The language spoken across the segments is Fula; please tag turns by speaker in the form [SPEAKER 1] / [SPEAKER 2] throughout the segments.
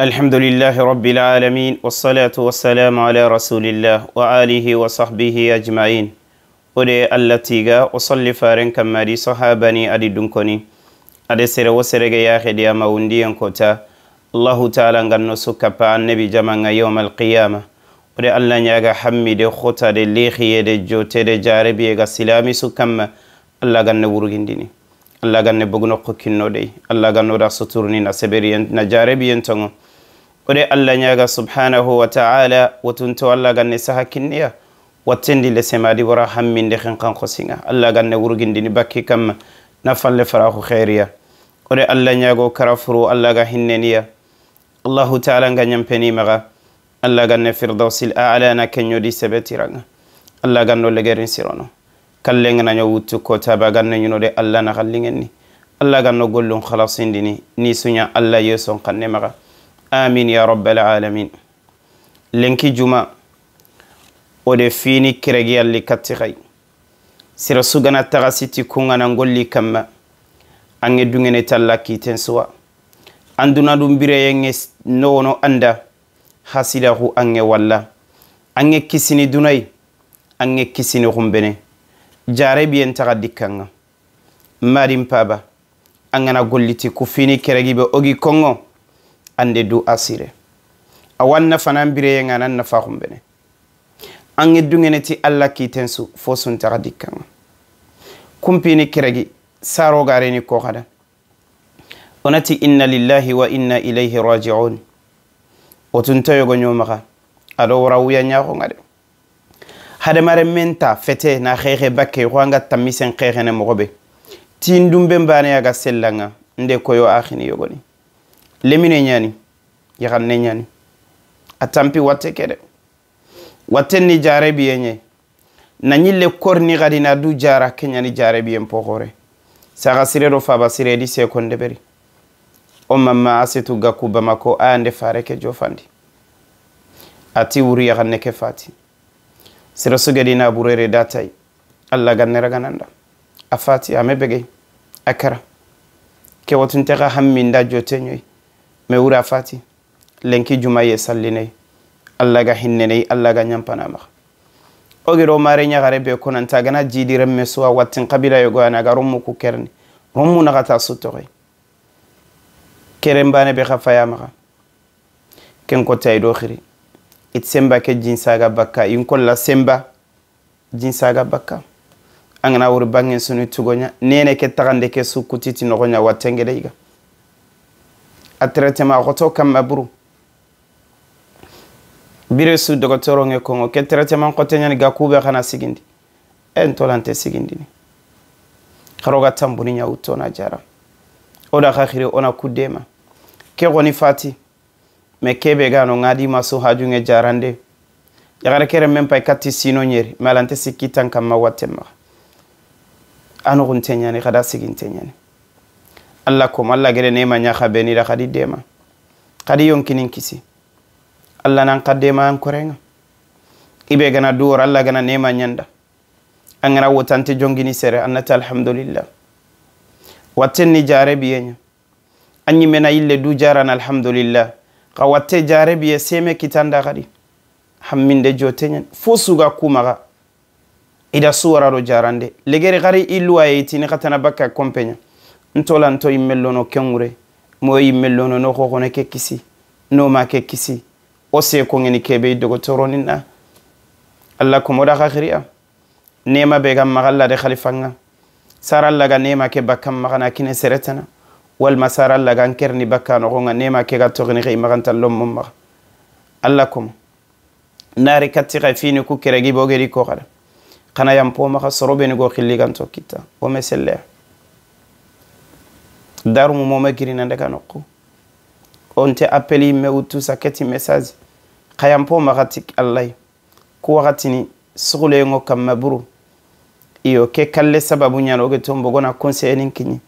[SPEAKER 1] الحمد لله رب العالمين والصلاة والسلام على رسول الله وآله وصحبه أجمعين ode allah tiga o solli faren kammadi sahabani adi dunkoni ade sere wo serege yahedi ama wundiyen kota allahu taala nganno sukkapa annabi jamanga yowma alqiyama ode allah ñaga hammide hotade lehiyede jotede jarebiye ga silami sukkamma allah ganne wurgindini allah ganne bogno kokkinnoɗe allah gannoɗa soturni na seɓeri na jarebi yen tongo oɗe allah ñaga subhanahu wa taala wotun to allah ganne saha kinniya wattendi lesemadi wara hamminde hen kanko siga allah ganne wurgindini bakki kamma na falle farahu heriya oɗe allah ñago karafuru allah ga hinneniya allahu taala gañampenimaga allah ganne firdausil ala na keñodi seɓe tiraga allah ganno legerin sirono kallenga naño wuttu ko taba ganno ñunode allah na xallingen ni allah ganno gollun xalasindini ni suña allah yeson xanne maxa amin ya rabalalamin lenki juma o de fini kiregi alli katti xay sira sugana taxa siti kungana ngolli kamma ange dungene talla kiten suwa anduna dun bireyenge nowono anda xa sidaxu ange walla ange kisini dunay ange kisini xumbene jaray ɓiyen taxa dikkanga marin paba a ngana golliti ku fini keregi ɓe ogi kongo ande du asire a wanna fanan mbireyenga nan nafa xumbene a ge dungene ti allah kiten su fo sun taxa dikkanga kum pini keregi sarogareni koxada onati inna lillahi wa inna ilayhi rajiun wotunta yogo ñomaxa aɗo wara wuya ñaxonga de hademare men ta fete na xexe bakke xoanga tammi sen xexene moxoɓe tin dumbe mbaneyaga sellanga nde koyo axini yogoni lemine ñani yaxan ne ñani a tampi watte kede watten ni jarebiye ñe nañille korni xadina du jara keñani jarebiyen poxore saxa sireɗo faba siredi sekonde ɓeri o mamma a setu gakku bamako aya nde fareke jofandi ati wuri yaxan neke fati sira sugadi naburere datay allah ganneraganannda a fati amebegey a kara kewatuntexa hamminda joteñoy me wura fati lenki jumaye sallinay allah ga hinnenay allah ga ñampanamaxa ogiro mare ñaxare be konanta gana jiidi renme suwa wattin xabilayo goya naga rommu ku kerani rommu naxata sutoxoy keren banebe xa fayamaxa ken kotay do xiri it semba ke jinsaga bakka in kolla semba jinsaga bakka an gana wuri bangen sunu tugonya nene ke tagande ke su kutiti nogonya wattengede iga a traitement a xoto kamma buru bire su dogotoro nge kongo ke traitement xoteñani ga kube xana sigindi en tolante sigindini xaroga tambuni ñawuttona jaram oda xa xiri ona kuddema ke xoni fati me kebe ga no ngadi maso nge jarande yagara kere men pay katti sino nyeri malante sikki tan ma watema anu gun tenyani kada sigin tenyani alla ko malla gere ne ma nema ni da khadi dema kadi yonkinin kisi alla nan ma an korenga ibe gana duwar alla gana ma nyanda an gana wotante jongini sere annata alhamdulillah watten ni jare biyenya anyi mena ille du jaran alhamdulillah xa watte jarebiye seme kitanda xadi hamminde joteñen fo suga kumaxa ida suwararo jarande legeri xari i luwaye itini xatana bakka compeña ntolanto immellono kenŋure moyo immellono no xoxone ke kisi no ma ke kisi o sekongeni kebe i dogotoroninna allah komoda xa xiri a nema be gan maxa lade xalifanga sara allaga nema ke bakkan maxana kine seretana والمسار الله كان كرني بكا نغونا نيما كيغا تغني غي مغانتا لوم مما الله كوم ناري كاتيغا فيني كو كيرغي بوغيري كو غدا قنا يامبو ما خسرو بيني غو خيلي كان تو كيتا ومسل دارو مو ما كيرينا دكا نقو اونت ابلي مي وتو ساكتي ميساج قيامبو ما غاتيك الله كو غاتيني سغلي نغو كم مبرو iyo ke kalle sababu ñano oge tombogo na conseil nin kini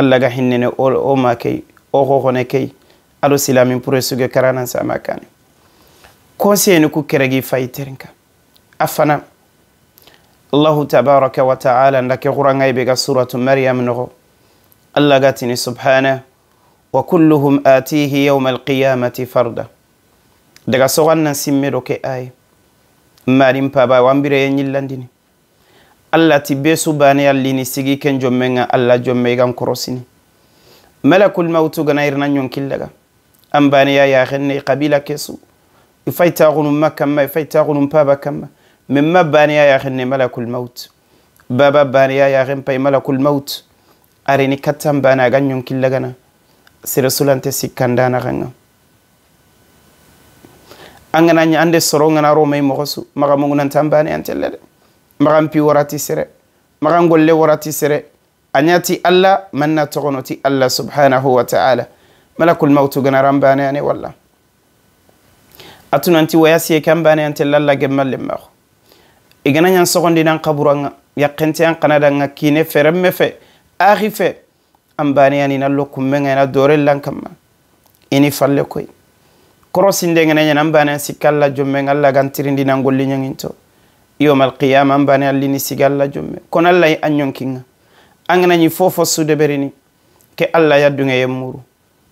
[SPEAKER 1] allah ga hinnene o ma key o hohone key aɗo silamin pour e sugue karanan sama kane conseil ni ku keregi fayiterin ka a fana allahu tabaraka wa taala ndake xurangay be ga suratu maryam noxo allah gatini subhana wa kulluhum atihi yauma alqiyamati farda daga soxan nan simme ɗo ke aye marin paba wanbireye ñillandini allati be subaneyallini sigi ken jommenga allah jomme gan korosini malakul mautu gana irna yonkillaga an baneya yaxenne i qabila kesu i faytaxununma kanma i faytaxunun paba kanma min ma baneya yaxenne malakul maut baba baneya yaxen pay malakul maut arini kattan bane agan yonkillagana siresulante sikkandanaxanga an gana ɲa an de soro ngana romai moxo su maxa mungunantan bane antelle de maxan pi warati sere maxan golle warati sere a ñati allah man na toxonoti allah subhanahu wa taala malakul mautu gana rambaneyane walla a tunanti wayasiye ke anbaneyante lalla gemmalemmaxo i gana ñan soxondinan xaburanŋa yaqenteyan xanadanŋa kine ferenme fe axi fe anbaneyanina lo kunmenŋa ina doren lan kanma ini falle koy korosinde ngana ñana anbaneyan sikka alla jommeng alla gantirindinan golliñanginto yowma alqiyama mbane allah ni siga allah jumme kono allah e añonkinga anganañi fof fossude ɓeri ni ke allah yaddunge yemmuru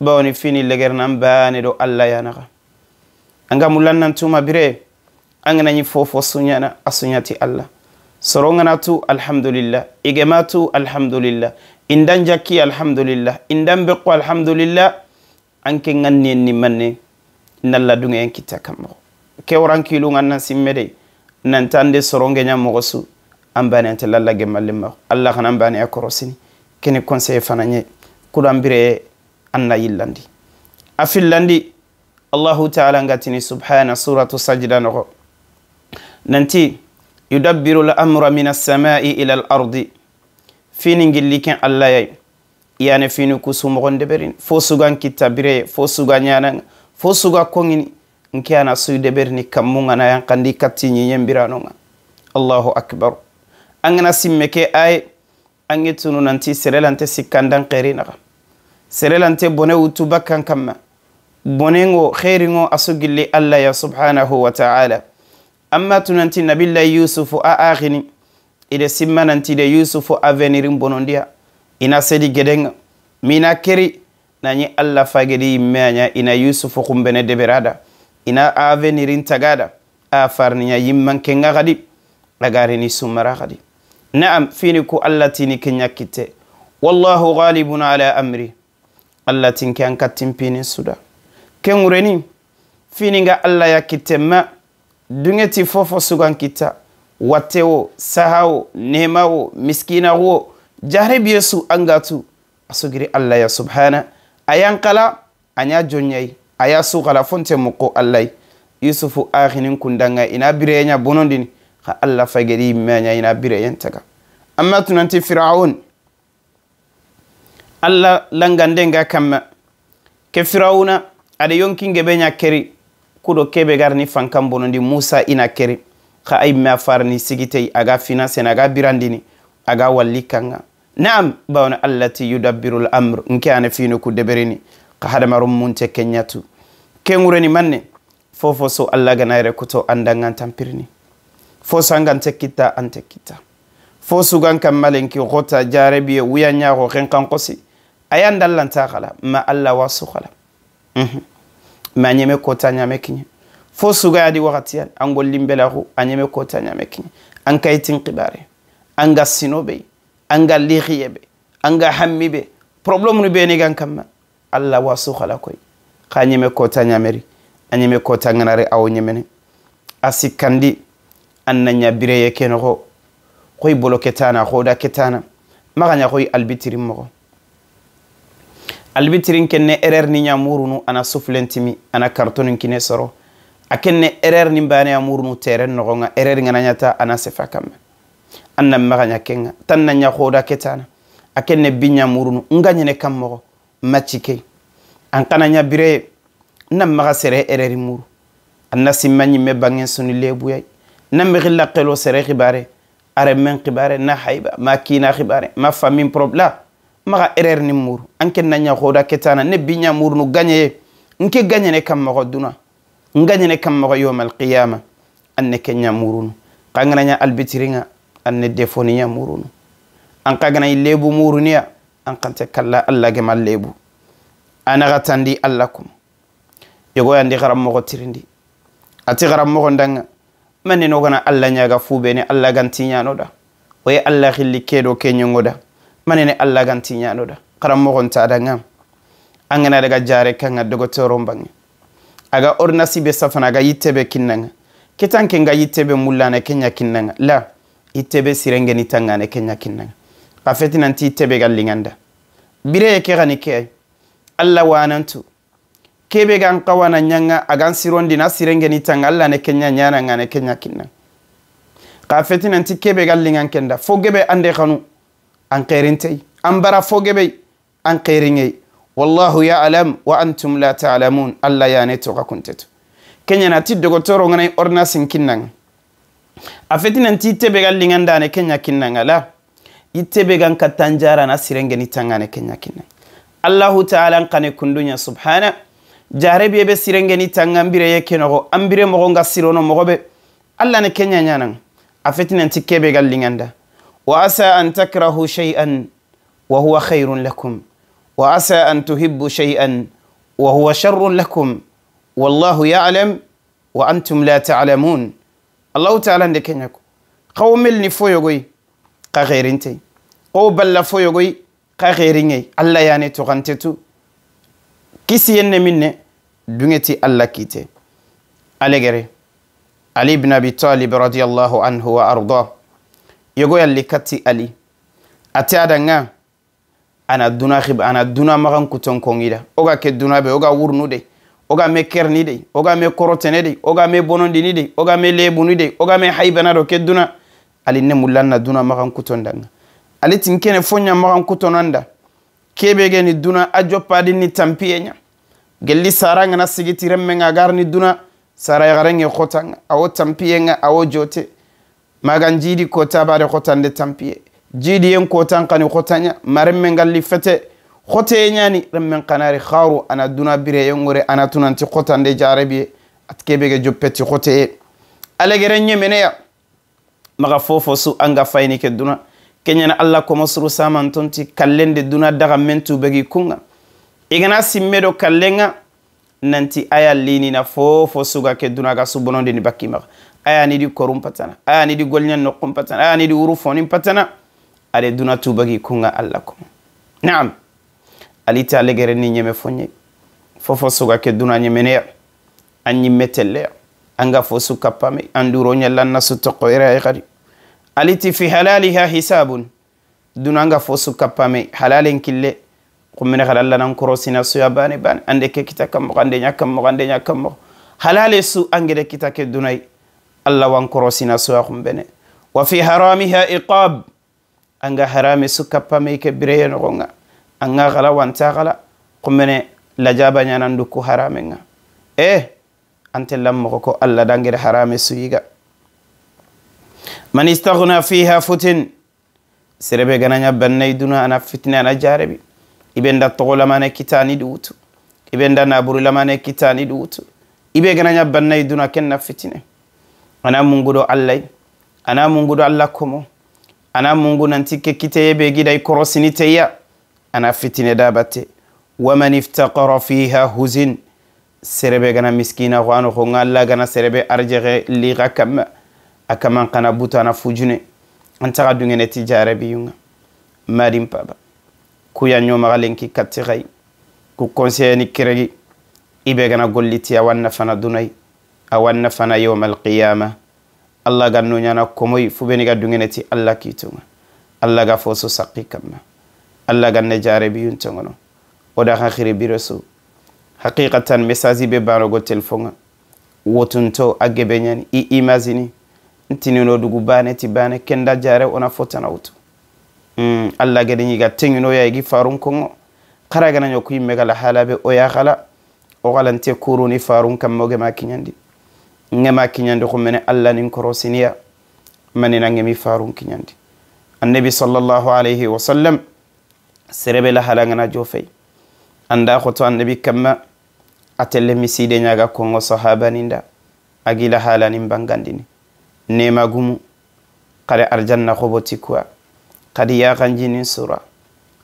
[SPEAKER 1] bawni fini legerna mbaane ɗo allah yanaka angamu lannan tuma bire anganañi fofo suñana a suñati allah sorongana tu alhamdulillah igema tu alhamdulillah indan jakki alhamdulillah indan beqqo alhamdulillah anke ganni en ni manne nalladunge en kitta kammako ke worankilu gannan simme dey nantande soronge nya mogosu ambane ante lalla gemalle ma allah kana ambane akorosini kene conseil fana nye kurambire anna yillandi afillandi allahu taala ngatini subhana suratu sajda nogo nanti yudabbiru lamra amra min as ila al-ardi fini ken allah yay iyane fini kusumogonde berin fo sugan kitta bireye fo suga ñananga fo suga kongini nke ana suy deberni kammuga na yan kandi kattiñi ñembiranoga allahu akbar angana simme ke ay ange tununanti serelante sikkandan xerinaxa serelante bone wutu bakkan kamma bonengo xeringo asu gilli allah ya subhanahu wa taala amma tunanti nabillahi yusufu a axini ide simmananti de yusufu a venirin bonondiya ina sedi gedenga mina keri nañi allah fagedi yimme aña ina yusufu xumbene deberada ina avenirin tagada a farniya yimman kenga kadi agarini sumara kadi naam fini ku allah tini kenyakkitte wallahu galibun ala amri allah tinke an kattinpinin suda kenwureni fininga allah yakkitte ma dungeti fofo sugan kitta watte wo saha wo nema wo miskina wo jaharebiyesu angatu asugiri allah ya subhana ayankala anya jonyayi a ya sugala fonte mokko allahy yusufu ahinin kundanga ina bireyeña bonondini ha allah fageɗi yimmeña ina bireyentaga amma tunanti firaun allah langandenga kamma ke firauna aɗa yonkingeɓeña keri kuɗo keɓe garni fankan bonondi musa ina keri ha a yimme a farani sigitey aga financen aga birandini aga walli kanga naam bawna allah ti yudabbiru l'amre nke ane fino ku deɓerini ka hadamarum munte keñatu kewreni manne fofo so allah ganayre koto andalgal tampirni fo sangan tekkitta an tekkitta fo sugan kam malenki gota jarebi e wuyañaako ken kan kosi aya dallanta kala ma allah wasu kala mhm. ma ñeme kota ñame kiñe fo sugayadi waxatiyan an gollimbelaku a ñeme kota ñame kiñe an kayitin qibare an ga sinoɓey an ga lixiyeɓe an ga hammiɓe probléme ni ɓenigan kam ma alla wasu hala koy xa ɲeme kota nyameri a ɲeme kota nganare awo nyemene a sikkandi an na ɲa bireye kenoxo xoy bolo ketana xoda ketana maganya ɲa xoy albitirin moxo albitirin kenne erer ni ɲamurunu ana suflentimi ana kartonin kine soro akenne erer ni bane amurunu teren no nga erer ŋana ɲata ana sefakam anna maganya kenga tan na ketana akenne binya bi ɲamurunu nga ɲene macike an kana ɲa bire ye na maga sere ereri muru an na simma ɲimme bangen suni lebuyai na mixi lakkelo sere xibare are men xibare na hayba ma kina xibare ma famin probla maga erer ni muru an ke na ɲa xoda ketana ne bi ɲa murunu gaɲe ye nke gaɲene kan moxo duna n gaɲene kan moxo yoma alqiyama an ne ke ɲa murunu xa ngana ɲa albitiringa an ne defoni ɲa murunu an xa gana i lebu muruniya an kante kalla allah ge mallebu anaga tandi allah kum yogo yandi xaranmoxo tirindi ati xaranmoxo ndanga mani nogana allah ñaga fubene allah gantiñanoda wo ye allah xilli kedo ke ñongoda manene allah gantiñanoda xaranmoxontadangam an gana daga jare kanga dogotoron bange aga ordinasi be safana aga yittebe kinnanga ketanke nga yittebe mullane kenya kinnanga la yittebe sirengeni tangane kenya kinnanga pa fetinanti tebegal liganda bireye ke gani ke ay allah wanantu kebe gan kawana yanga agan sirondi na sirengeni tan allah ne kenya yananga ne kenya kinna ka fetinanti kebe gal lingan kenda fo gebe ande kanu an kerintei an bara fo gebe an keringei wallahu yaalam wa antum la taalamun allah yane toka kuntetu kenyanati dogotoro ganai ornasin kinnanga a fetinanti tebegal lingan dane kenya kinnanga la ittebe gan kattan jarana sirengeni tangane kenya kinna allahu taala an kundunya subhana jarebiye be sirengeni tanga nbire ye kenogo an bire mogo nga sirono mogobe alla ne kenya ñanan a fetinanti kebe linganda wa asa an takrahu shay'an wa huwa khayrun lakum wa asa an tuhibbu shay'an wa huwa sharrun lakum wallahu ya'lam wa antum la ta'lamun allahu taala nde kenya ko xawmel ni foyogoy ka xeerintey o balla foyogoy ka xeeriŋey alla yaane toxantetu kisiyen ne min ne duŋeti alla kiite ale gere ali bin abi talib radiallahu anhu wa arda yogoy alli kati ali ate adanŋa ana duna xib ana duna maxan kuton koŋida wo ga ke duna be wo ga wurnu de wo ga me kerni de wo ga me korotene de wo ga me bonondini de wo ga me leebunu de wo ga me haybana do ke duna ali ne mulanna duna magan kutondanga ali tin kene fonya magan kutonanda kebege ni duna ajo padi ni tampiyenya gelli sara ngana sigiti remmenga nga garni duna sara yagarenge khotanga awo tampiyenga awo jote magan jidi kota bare khotande tampiye jidi yen kotan kani khotanya maremme ngalli fete khote nyani remmen kanari kharu ana duna bire yongore ana tunanti khotande jarabiye at kebege joppeti khote alegere nyemeneya maga fofo su anga fayni ke duna keñana allah komosuru saman tonti kallende duna daga men tubegi kunga igana simme ɗo kallenga nanti aya linina fofo suga ke dunaga subonode ni bakki maga aya nidi korum patana aya nidi golñan nokkum patana aya nidi wuru fonin patana ade duna tubagi kunga allah komo naam alita alegere ni ñeme fo ñeyi fofo suga ke duna ñemeneya a ñimme telleya anga fo su kappame anduro ñallan nasu toqoyera e xadi haliti fi halaliha hisabun dunanga fo sukkapame halalen kille kummine hada allah nan korosina suya bane bane ande ke kita kammoxo ande ña kammoxo ande ña kammoxo halale su angede kita ke dunay allah wan korosina suya xumbene wa fi haramiha iqab anga harame su kappame ke bireye noxonga anga xala wanta xala xummene lajaba ñanan dukku haramenga e ante lammoxo ko allah dangede harame suyiga man istaguna fiha futin serebe ganaña bannayduna ana fitne ana jarebi ibe nda togo lamane kitani ɗi wutu ibe nda naburi lamane kitani ɗi wutu ibe ganaña bannayduna kenna fitine ana munguɗo allahy ana munguɗo allah komo ana mungu nantikke kiteye be giɗay korosini teya ana fitine da batte waman iftakara fiha husin serebe gana miskina xo anoxo nga allah gana serebe arjexe liixa kamma a kaman kana buto ana fujune antaxa dungene ti jarabi yunga madin paba kuya ñomaxa lenki kati xay ku conseilleni kiregi i be gana golliti a wanna fana dunay a wanna fana yaume alqiyama allah ga noñana komoy fu beni ga dungene ti allah kiitonga allah ga foso saqi kamma allah ganne jarabi yuntongono o daxa xiri biroso haqiqatan message i be banogo telefonga wotunto a gebeñani i imagine ntinino dugu bane ti bane kenda jare ona fotana utu mm, alla gade ni ñiga teŋino ya igi farun koŋo xara gana ño ku yimme gala halabe o ya xala o xalante kuruni farun kam ma kinyandi nge ma kinyandi ko mene alla nin korosiniya nge mi farun kinyandi annabi sallallahu alayhi wa sallam serebe la hala ngana jofey anda ko to annabi kamma atelle mi miside ñaga koŋo sahaba ninda agila halanin bangandini nema gumu kare arjanna hoboti kuwa kadi yakanjinin sura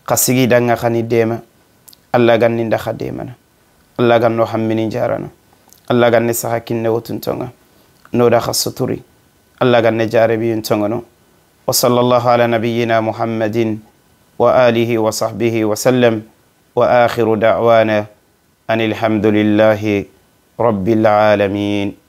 [SPEAKER 1] ka sigidanga hani dema allah ganni ndaha demana allah ganno hammini jarana allah ganne saha kinne wotuntonga noda ha suturi allah ganne jarebiyuntongono wa sall llahu ala nabiyina muhammadin wa alihi wa sahbihi wasallam wa akhiru dawana an alhamdulillahi rabbil alamin